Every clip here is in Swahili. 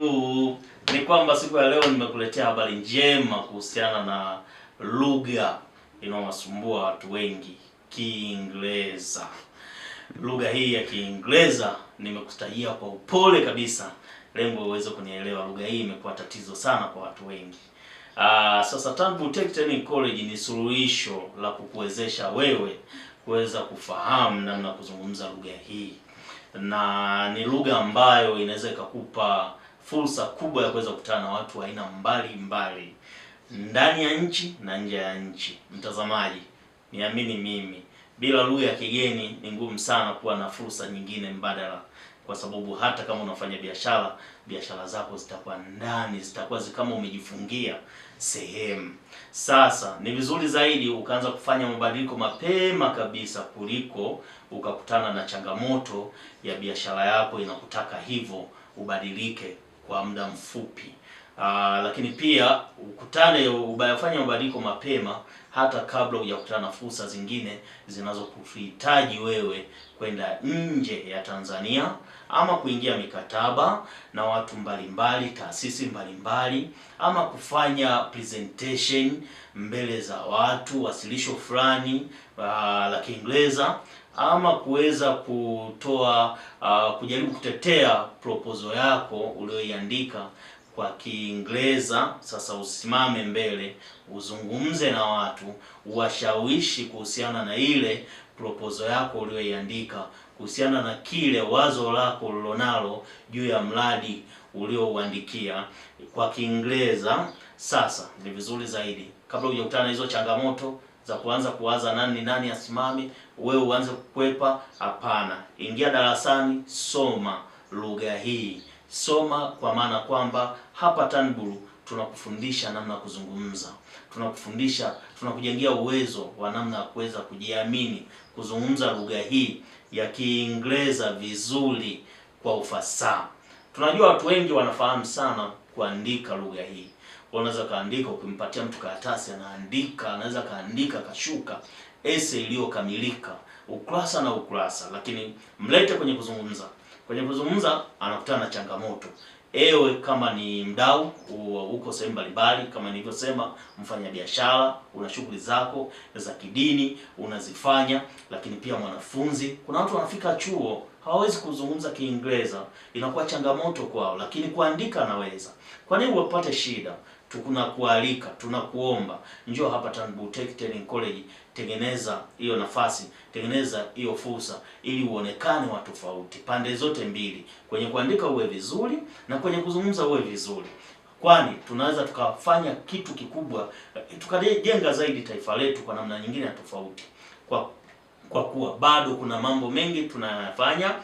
Ni kwamba siku ya leo nimekuletea habari njema kuhusiana na lugha inayowasumbua watu wengi, Kiingereza. Lugha hii ya Kiingereza nimekutajia kwa upole kabisa, lengo uweze kunielewa. Lugha hii imekuwa tatizo sana kwa watu wengi. Uh, sasa Turnbull Tech Training College ni suluhisho la kukuwezesha wewe kuweza kufahamu namna kuzungumza lugha hii, na ni lugha ambayo inaweza ikakupa fursa kubwa ya kuweza kukutana na watu wa aina mbalimbali ndani ya nchi na nje ya nchi. Mtazamaji, niamini mimi, bila lugha ya kigeni ni ngumu sana kuwa na fursa nyingine mbadala, kwa sababu hata kama unafanya biashara, biashara zako zitakuwa ndani, zitakuwa kama umejifungia sehemu. Sasa ni vizuri zaidi ukaanza kufanya mabadiliko mapema kabisa kuliko ukakutana na changamoto ya biashara yako inakutaka hivyo ubadilike kwa muda mfupi. Aa, ah, lakini pia ukutane ubayafanya mabadiliko mapema hata kabla hujakutana na fursa zingine zinazokuhitaji wewe kwenda nje ya Tanzania ama kuingia mikataba na watu mbalimbali, taasisi mbalimbali, ama kufanya presentation mbele za watu, wasilisho fulani ah, la Kiingereza ama kuweza kutoa uh, kujaribu kutetea proposal yako uliyoiandika kwa Kiingereza. Sasa usimame mbele, uzungumze na watu, uwashawishi kuhusiana na ile proposal yako uliyoiandika, kuhusiana na kile wazo lako ulilonalo juu ya mradi uliouandikia kwa Kiingereza. Sasa ni vizuri zaidi kabla hujakutana na hizo changamoto za kuanza kuwaza nani ni nani asimame, wewe uanze kukwepa. Hapana, ingia darasani, soma lugha hii, soma kwa maana kwamba hapa Tanbur tunakufundisha namna ya kuzungumza, tunakufundisha tunakujengia uwezo wa namna ya kuweza kujiamini, kuzungumza lugha hii ya Kiingereza vizuri kwa ufasaha. Tunajua watu wengi wanafahamu sana kuandika lugha hii. Kwa unaweza kaandika, ukimpatia mtu karatasi anaandika, anaweza kaandika kashuka essay iliyokamilika ukurasa na ukurasa, lakini mlete kwenye kuzungumza. Kwenye kuzungumza anakutana na changamoto ewe kama ni mdau uko sehemu mbalimbali, kama nilivyosema, mfanyabiashara, una shughuli zako za kidini unazifanya, lakini pia mwanafunzi. Kuna watu wanafika chuo hawawezi kuzungumza Kiingereza, inakuwa changamoto kwao, lakini kuandika anaweza. Kwa nini wapate shida? tunakualika tunakuomba, njoo hapa Turnbull Tech Training College, tengeneza hiyo nafasi, tengeneza hiyo fursa, ili uonekane wa tofauti pande zote mbili, kwenye kuandika uwe vizuri na kwenye kuzungumza uwe vizuri, kwani tunaweza tukafanya kitu kikubwa, tukajenga zaidi taifa letu kwa namna nyingine ya tofauti, kwa kwa kuwa bado kuna mambo mengi tunayafanya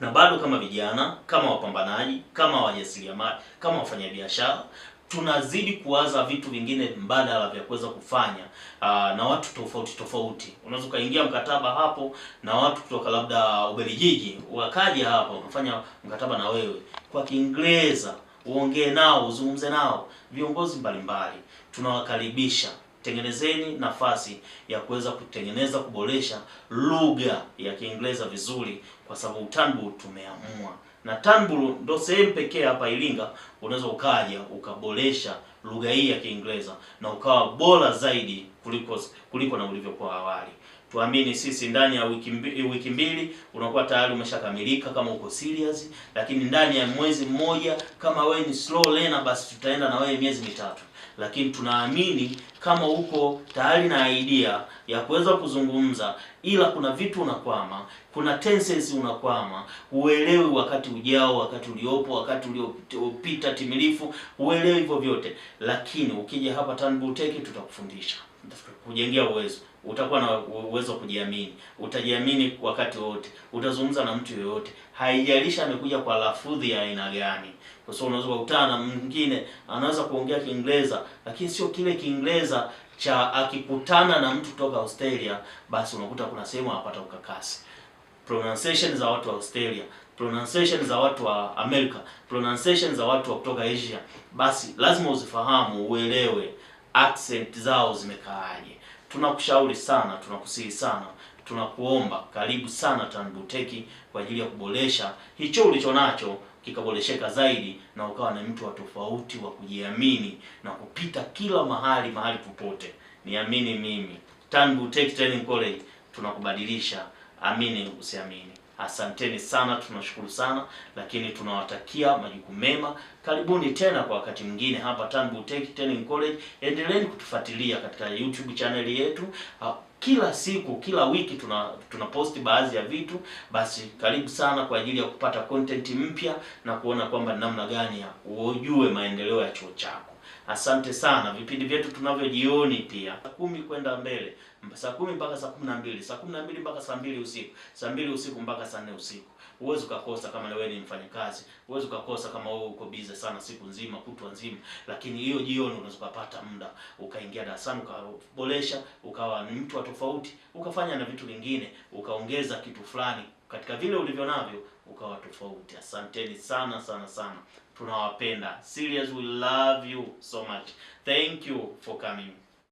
na bado kama vijana, kama wapambanaji, kama wajasiriamali, kama wafanyabiashara tunazidi kuwaza vitu vingine mbadala vya kuweza kufanya aa, ah, na watu tofauti tofauti. Unaweza ukaingia mkataba hapo na watu kutoka labda Ubelgiji, wakaja hapa wakafanya mkataba na wewe kwa Kiingereza, uongee nao, uzungumze nao. Viongozi mbalimbali tunawakaribisha, tengenezeni nafasi ya kuweza kutengeneza, kuboresha lugha ya Kiingereza vizuri, kwa sababu Utandu tumeamua na Turnbull ndo sehemu pekee hapa Iringa unaweza ukaja ukaboresha lugha hii ya Kiingereza na ukawa bora zaidi kuliko kuliko na ulivyokuwa awali tuamini sisi, ndani ya wiki mbili, eh, wiki mbili unakuwa tayari umeshakamilika kama uko serious, lakini ndani ya mwezi mmoja kama wewe ni slow learner, basi tutaenda na wewe miezi mitatu. Lakini tunaamini kama uko tayari na idea ya kuweza kuzungumza, ila kuna vitu unakwama, kuna tenses unakwama, uelewi wakati ujao, wakati uliopo, wakati uliopita timilifu, uelewi hivyo vyote, lakini ukija hapa Turnbull Tech tutakufundisha, kujengea uwezo utakuwa na uwezo wa kujiamini, utajiamini wakati wote, utazungumza na mtu yoyote, haijalishi amekuja kwa lafudhi ya aina gani, kwa sababu unaweza kukutana na mwingine anaweza kuongea Kiingereza lakini sio kile Kiingereza cha akikutana na mtu kutoka Australia, basi unakuta kuna sehemu anapata ukakasi. Pronunciation za watu wa Australia, pronunciation za watu wa America, pronunciation za watu wa kutoka Asia, basi lazima uzifahamu, uelewe accent zao zimekaaje. Tunakushauri sana, tunakusihi sana, tunakuomba karibu sana Tanbuteki kwa ajili ya kuboresha hicho ulicho nacho kikaboresheka zaidi na ukawa ni mtu wa tofauti wa kujiamini na kupita kila mahali mahali popote. Niamini mimi, Tanbuteki Training College tunakubadilisha. Amini usiamini. Asanteni sana, tunashukuru sana, lakini tunawatakia majukumu mema. Karibuni tena kwa wakati mwingine hapa Turnbull Tech Training College. Endeleeni kutufuatilia katika YouTube chaneli yetu ah, kila siku, kila wiki tuna tunaposti baadhi ya vitu. Basi karibu sana kwa ajili ya kupata content mpya na kuona kwamba namna gani ya ujue maendeleo ya chuo chako. Asante sana. Vipindi vyetu tunavyo jioni pia saa kumi kwenda mbele, saa kumi mpaka saa kumi na mbili saa kumi na mbili mpaka saa mbili usiku, saa mbili usiku mpaka saa nne usiku. Huwezi ukakosa kama wewe ni mfanyakazi, huwezi ukakosa kama wewe uko bize sana siku nzima, kutwa nzima, lakini hiyo jioni unaweza ukapata muda ukaingia darasani ukaboresha, ukawa ni mtu wa tofauti, ukafanya na vitu vingine, ukaongeza kitu fulani katika vile ulivyo navyo, ukawa tofauti. Asanteni sana sana sana tunawapenda. Serious, we love you so much. Thank you for coming.